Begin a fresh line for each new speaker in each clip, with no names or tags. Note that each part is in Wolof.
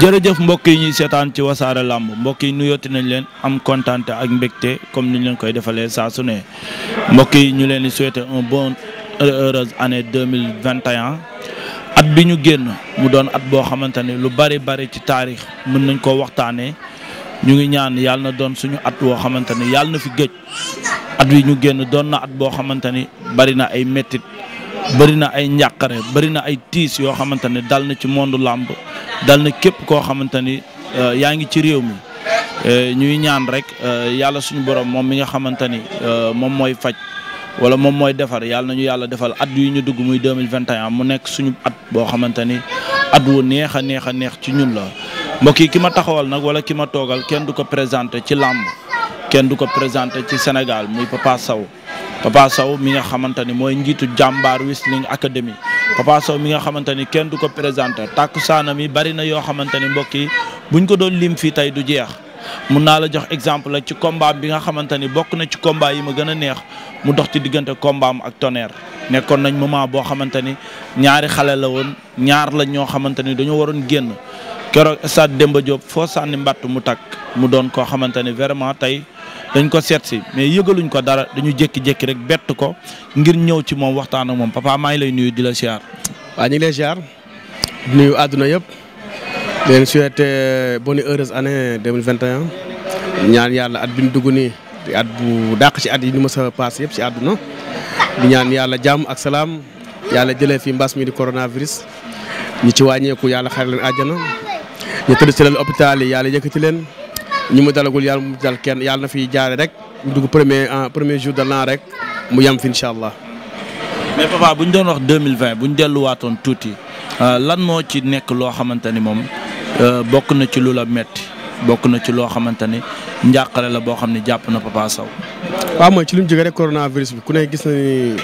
jërëjëf mbokk yi ñuy seetaan ci wasaare làmb mbokk yi nuyooti nañ leen am kontaan ak mbégte comme ni leen koy defalee saa su ne mbokk yi ñu leen di souhaiter un bon euh, heureuse année deux mille vingt et at bi ñu génn mu doon at boo xamante ne lu bari bari ci taarix mën nañ koo waxtaanee ñu ngi ñaan yàlla na doon suñu at woo xamante ne yàlla na fi gëj at wi ñu génn doon na at boo xamante ni bari na ay mettit bëri na ay njàqare bëri na ay tiis yoo xamante ne dal na ci monde làmb dal na képp koo xamante ni euh, yaa ngi ci réew mi euh, ñuy ñaan rek euh, yàlla suñu borom moom mi nga xamante ni moom mooy faj wala moom mooy defar yàlla nañu yàlla defal at yi ñu dugg muy 2021 mu nekk suñu at boo xamante ni at wu neex a neex a neex ci ñun la mbokk yi ki ma taxawal nag wala ki ma toogal kenn du ko présenté ci làmb kenn du ko présenté ci Sénégal muy Papa Sow Papa Sow mi nga xamante ni mooy njiitu jàmbaar Wrestling Academy Papa Sow mi nga xamante ni kenn du ko présenté takkusaanam yi bari na yoo xamante ni mbokk yi buñ ko doon lim fii tey du jeex. mun naa la jox exemple ci combat bi nga xamante ni bokk na ci combat yi ma gën a neex mu dox ci diggante combat ak tonnerre nekkoon nañ moment boo xamante ni ñaari xale la woon ñaar lañ ñoo xamante ni dañoo waroon génn kero stade Demba Diop foo sànni mbatt mu takk mu doon koo xamante ni vraiment tey dañ ko seet si mais yëgaluñ ko dara dañu jékki-jékki rek bett ko ngir ñëw ci moom waxtaan moom papa maa ngi nuyu di la ziar. waaw ñu ngi lay ziar nuyu àdduna yëpp di leen souhaiter euh, bonne heureuse année
2021 ñaan yàlla at bi dugg nii di at bu dàq ci at yi ñu mës a paas yëpp ci àdduna di ñaan yàlla jàmm ak salaam yàlla jëlee fi mbas mi di coronavirus ñu ci wàññeeku yàlla xare leen àjjana ñu tëdd ci leen hôpital yàlla yëkkati leen. ñu mu dalagul yàlla mu dal kenn yàlla na fi jaare rek ñu dugg premier premier jour de naa rek
mu yem fi incha allah. mais papa bu ñu doon wax deux mille vingt bu ñu delluwaatoon tuuti euh, lan moo ci nekk loo xamante ni moom euh, bokk na ci lu la metti bokk na ci loo xamante ni njàqare la boo xam ne jàpp na papa Sow.
waaw mooy ci li mu rek coronavirus bi ku ne gis na ni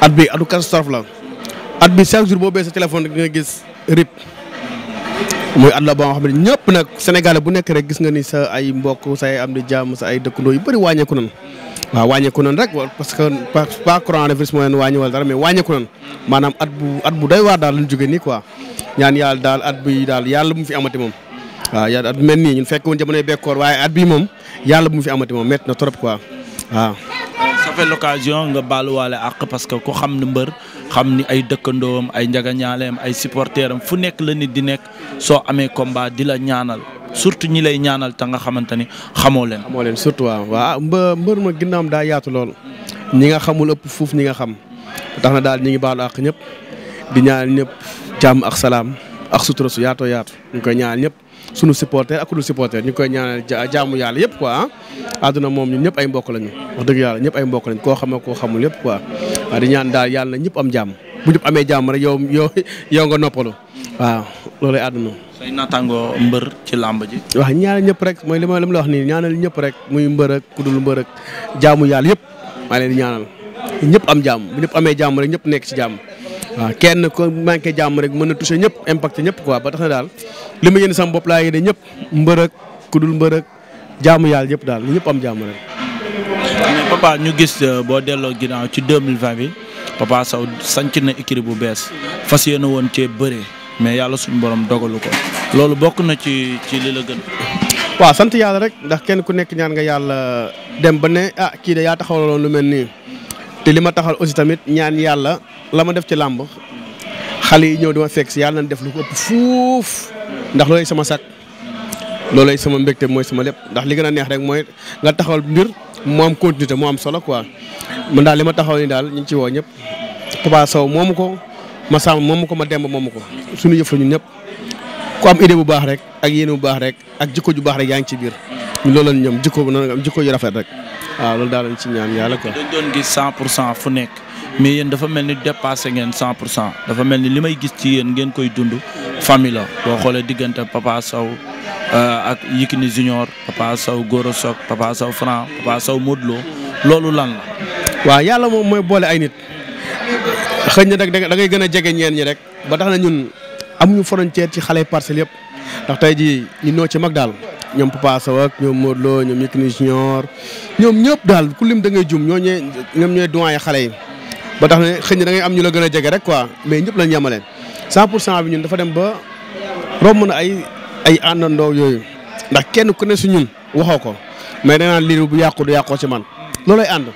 at bi atu catastrophe la at bi chaque jour boo bee sa téléphone rek nga gis RIP. mooy at la boo xam ne ñëpp nag Sénégal bu nekk rek gis nga ni sa ay mbok sa ay am di jàmm sa ay dëkkandoo yu bëri wàññeeku nan waaw wàññeeku nan rek parce que pas coronavirus moo leen wàññi wala dara mais wàññeeku nan maanaam at bu at bu jógee nii quoi ñaan yàlla daal at bi daal yàlla bu mu fi amati moom waaw yàlla at bu mel ñun fekk woon jamonoy waaye at bii moom yàlla bu mu fi amati moom met na trop quoi waaw.
ça fait nga baaluwaale àq parce que ko xam na mbër xam ni ay dëkkandoom ay njagañaaleem ay supporteram fu nekk la nit di nekk soo amee combat di la ñaanal surtout ñi lay ñaanal te nga xamante ni xamoo leen. xamoo
leen surtout waaw waaw mbër ma ginnaawam daa yaatu lool ñi nga xamul ëpp fuuf ñi nga xam tax na daal ñi ngi baalu àq ñëpp di ñaanal ñëpp jàmm ak salaam ak sutura su yaatoo yaatu ñu koy ñaanal ñëpp. sunu supporter ak ku dul ñu koy ñaanal jaamu yàlla yëpp quoi ah. moom ñun ñëpp ay mbokk lañu wax dëgg yàlla ñëpp ay mbokk lañu koo xam koo xamul yëpp quoi di ñaan daal yàlla ñëpp am jàmm bu ñëpp amee jàmm rek yow yow yow nga noppalu waaw loolu àdduna.
say mbër ci làmb ji.
waaw ñaanal ñëpp rek mooy li ma la wax nii ñaanal ñëpp rek muy mbër ak ku dul mbër ak jaamu yàlla yëpp maa leen ñaanal ñëpp am jàmm bu ñëpp amee jàmm rek ñëpp nekk ci jàmm waaw kenn ko manqué jàmm rek mën na touché ñëpp impact ñëpp quoi ba tax daal li ma yéen sam bopp laa yéene ñëpp mbërëg ku dul mbërëg jaamu yàlla ñëpp daal ñëpp am jàmm rek.
mais papa ñu gis euh, boo delloo ginnaaw ci 2020 bi papa Sow sanc na écurie bu bees fas yéene woon cee bëree mais yàlla suñu borom dogalu ko loolu bokk na ci ci li la gën. waaw sant yàlla
rek ndax kenn ku nekk ñaan nga yàlla dem ba ne ah kii de yaa loolu lu mel nii. te li ma taxal aussi tamit ñaan yàlla la ma def ci làmb xale yi ñëw di ma fekk si yàlla nañ def lu ko ëpp fuuf ndax loolay sama sakk loolay sama mbégte mooy sama lépp ndax li gën a neex rek mooy nga taxaw mbir mu am continuité mu am solo quoi. man daal li ma taxaw ni daal ñu ngi ci woo ñëpp Papa Sow moomu ko ma sàmm moom ko ma demb moomu ko suñu yëf la ñun ñëpp ku am idée bu baax rek ak yéene bu baax rek ak jikko ju baax rek yaa ngi ci biir. loolu
lañ ñoom jikko bu na nga am jikko yu rafet loolu daal lañ yàlla quoi. dañ doon gis 100 pour cent fu nekk mais yéen dafa mel ni dépassé ngeen 100 pour cent dafa mel ni li may gis ci yéen koy dund famille boo xoolee diggante Papa Sow euh, ak Yekini Junior Papa Sow Goro Sock Papa Sow Franc Papa Sow Modou Lo loolu lan la. waaw yàlla
moom mooy boole ay nit xëy na da ngay gën a jege ñeen ñi rek ba tax na ñun amuñu frontière ci xale parcelles yëpp ndax tey ji ñu noo ci mag daal. ñoom Papa Sow ak ñoom Modou Lo ñoom Yékini Junior ñoom ñëpp daal ku lim da ngay jum ñoo ñee ñoom ñooy doyen xale yi ba tax ne xëy da ngay am ñu la gën a jege rek quoi mais ñëpp lañ yemale 100 pour cent bi ñun dafa dem ba romb na ay ay àndandoo yooyu ndax kenn ku ne su ñun waxoo ko mais danaan lii bu yàqu du yàqoo ci man loolay ànd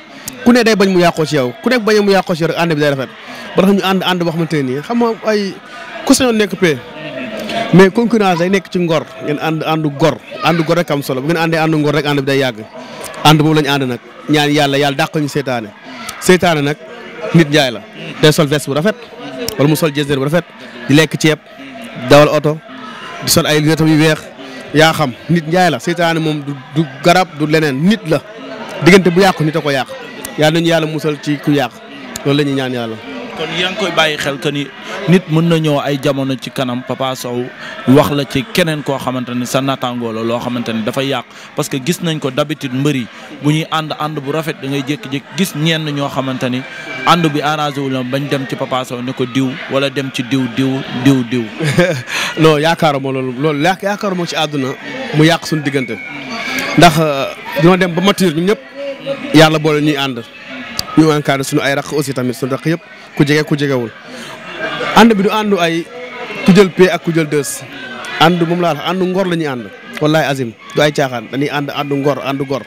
ku ne day bañ mu yàqoo ci yow ku nekk bañ mu yàqoo ci yow rek ànd bi day rafet ba tax ñu ànd ànd boo xamante ne nii xam nga ay ku sañoon nekk pee mais concurrence day nekk ci ngor ngeen ànd àndu gor àndu gor rek am solo bu ngeen àndee àndu ngor rek ànd bi day yàgg ànd boobu la ñu ànd nag ñaan yàlla yàlla dàq ñu seytaane seytaane nag nit njaay la day sol veste bu rafet wala mu sol jersey bu rafet di lekk ceeb dawal oto di sol ay lunettes yu weex yaa xam nit njaay la seytaane moom du garab du leneen nit la diggante bu yàqu nit a ko yàq yàlla nañu yàlla musal ci
ku yàq loolu la ñuy ñaan yàlla kon yaa ngi koy bàyyi xel que ni nit mën na ñëw ay jamono ci kanam Papa wax la ci keneen koo xamante ni sa naataangoo la loo xamante ni dafa yàq parce que gis nañ ko d'habitude mbër yi bu ñuy ànd ànd bu rafet da ngay jékki-jékki gis ñenn ñoo xamante ni ànd bi arrangé wu la bañ dem ci Papa Sow ne ko diw wala dem ci diw diw diw diw.
non yaakaaruma loolu loolu yaakaaruma ci àdduna mu yàq suñu diggante ndax euh, dina dem ba mature ñun ñëpp yàlla boole ñuy ànd. ñu encadré suñu ay raq aussi tamit suñu raq yëpp ku jege ku jegewul ànd bi du àndu ay ku pee ak ku jël dës and moom laa àndu ngor la ñuy ànd wallaay azim du ay caaxaan dañuy ànd àndu ngor àndu gor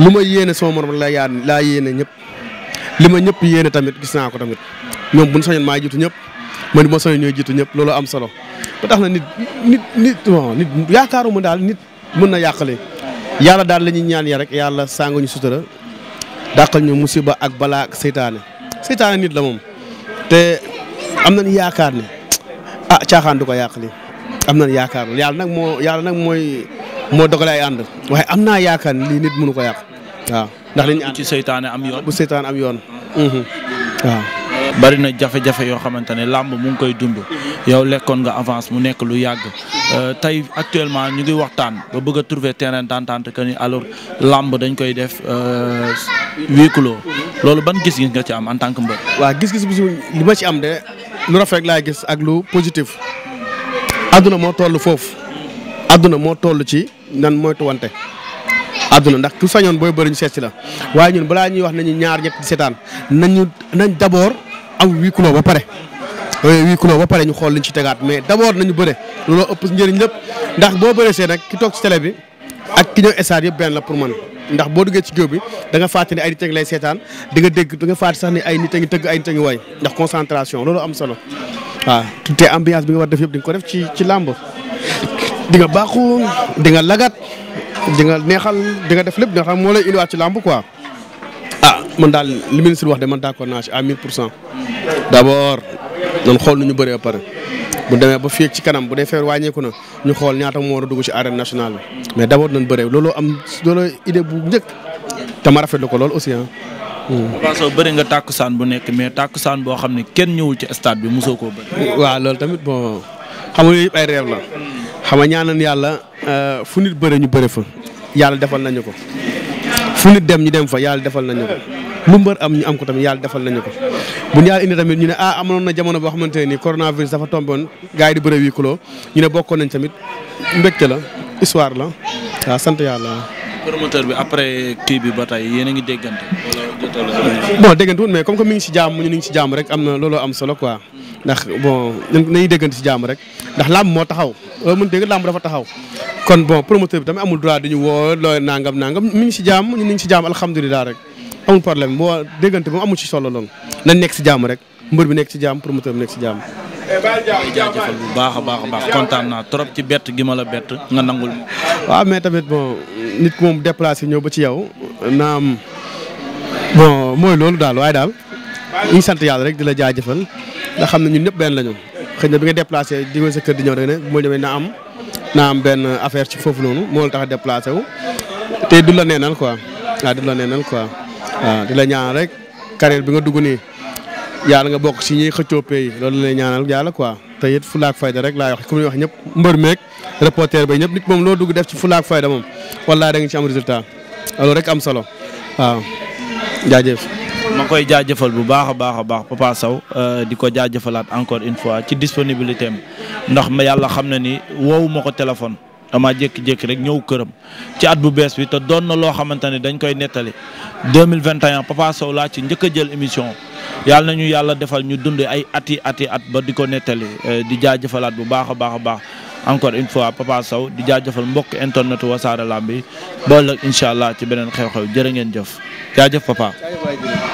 lu ma yéene sama morom la yaa laa yéene ñëpp li ma ñëpp yéene tamit gis naa ko tamit ñoom bu ñu soñoon maa jiitu ñëpp man ma soñoon ñooy jiitu ñëpp loolu am solo ba tax na nit yaakaaruma daal nit mën na yàqale yàlla daal la ñaan ya rek yàlla sànguñu sutura dàqal ñu musiba ak balaa ak seytaane seytaane nit la moom te am nañu yaakaar ne ah caaxaan du ko yàq li am na yaakaar yàlla nag moo yàlla nag mooy moo dogalee ànd waaye am naa yaakaar ne lii nit mënu ko yàq
waaw. ndax li ñu ànd seytaane am yoon bu seytaane am yoon. Mhm. waaw. bari na jafe-jafe yoo xamante ne làmb mu ngi koy dund yow lekkoon nga avance mu nekk lu yàgg euh, tey actuellement ñu ngi waxtaan ba bëgg a trouver terrain d'entente que ni alors làmb dañ koy def. Euh, huis clos loolu ban gis-gis nga ci am en tant que mbër. waaw gis-gis bi li ma ci am de lu rafet laay gis ak lu
positif. adduna moo toll foofu. adduna moo toll ci nan moytuwante. adduna ndax ku sañoon booy bëri ñu seet si la waaye ñun balaa ñuy wax nañu ñaar ñett di seetaan nañu nañ d' abord am huis clos ba pare. huis clos ba pare ñu xool liñ ci tegaat mais d' abord nañu bëre looloo ëpp njëriñ lépp ndax boo bëree see nag ki toog ci télé bi ak ki ñëw stade yëpp benn la pour man ndax boo duggee ci géew bi danga nga ay nit a ngi lay seetaan di nga dégg da nga fàtte sax ne ay nit a ay nit a ngi waay ndax concentration loolu am solo waaw te ambiance bi nga war def yëpp di nga ko def ci ci làmb di nga baaxu di nga lagat di nga neexal di nga def lépp di nga xam moo lay indiwaat ci làmb quoi ah man daal li ministre wax de man d'accord naa ci à mil pour cent d'abord noonu xool nu ñu bëree ba pare bu demee ba fii ci kanam bu dee feebar wàññeeku na ñu xool ñaata moo war a dugg ci arène nationale bi mais d'abord nañ bëree looloo am looloo idée bu njëkk te ma rafetlu ko lool aussi hmm.
ah. bëri nga tàkkusaan bu nekk mais tàkkusaan boo xam ne kenn ñëwul ci stade bi musoo koo bëri. waaw loolu tamit boo xam nga yëpp ay reer la xam nga ñaanan yàlla euh, fu nit bëre ñu bëre fa
yàlla defal nañu ko fu nit dem ñu dem fa yàlla defal nañu ko lu mbër am ñu am ko tamit yàlla defal nañu ko bu ñaar indi tamit ñu ne ah amoon na jamono boo xamante ne nii coronavirus dafa tomboon gars yi di bëre huis ñu ne bokkoon nañ tamit mbégte la histoire la waaw sant yàlla.
promoteur bi après kii bi ba tey yéen a ngi déggante.
bon déggante wut mais comme que mi ngi si jàmm ñu ngi si jàmm rek am na looloo am solo quoi. ndax bon nañu déggante si jàmm rek ndax làmb moo taxaw dégg làmb dafa taxaw. kon bon promoteur bi tamit amul droit di ñu woo looy nangam nangam mi ngi si jàmm ñu si jàmm alhamdulilah rek. amul problème boo déggante moom amu ci solo loolu na nekk si jàmm rek mbër bi nekk si jàmm promoteur bi nekk si jàmm.
jaajëfal baax a baax a baax kontaan naa trop ci bett gi ma la bett nga nangul.
waaw mais tamit bon nit ku moom déplacé ñëw ba ci yow naam bon mooy loolu daal waaye daal ñu sant yàlla rek di la jaajëfal nga xam ne ñun ñëpp benn la ñu. xëy na bi nga déplacé di sa kër di ñëw rek ne bu ma ñëwee naa am na am benn affaire ci foofu noonu moo la tax a déplacé te du la neenal quoi waaw du la neenal quoi. waaw di la ñaanal rek carrière bi nga dugg nii yàlla nga bokk si ñuy xëccoo pay loolu lay ñaanal yàlla quoi te it fulaak fayda rek laay wax comme ni wax ñëpp mbër meek reporter ba ñëpp nit moom loo dugg def ci fulaak fayda moom
wallaahi da nga ci am résultat loolu rek am solo waaw jaajëf. ma koy jaajëfal bu baax a baax a baax Papa Sow euh, di ko jaajëfalaat encore une fois ci disponibilité am ndax ma yàlla xam na ni woowuma ko téléphone. damaa jékki-jékki rek ñëw këram ci at bu bees bi te doon na loo xamante ne dañ koy nettali 2021 Papa Sow laa ci njëkk a jël émission yàlla nañu yàlla defal ñu dund ay ati ati at ba di ko nettali eh, di jëfalaat bu baax a baax a baax encore une fois Papa Sow di jaajëfal mbokk internet Wassare Lamb bi ba ëllëg incha allah ci beneen xew-xew jërë ngeen jëf jaajëf
papa.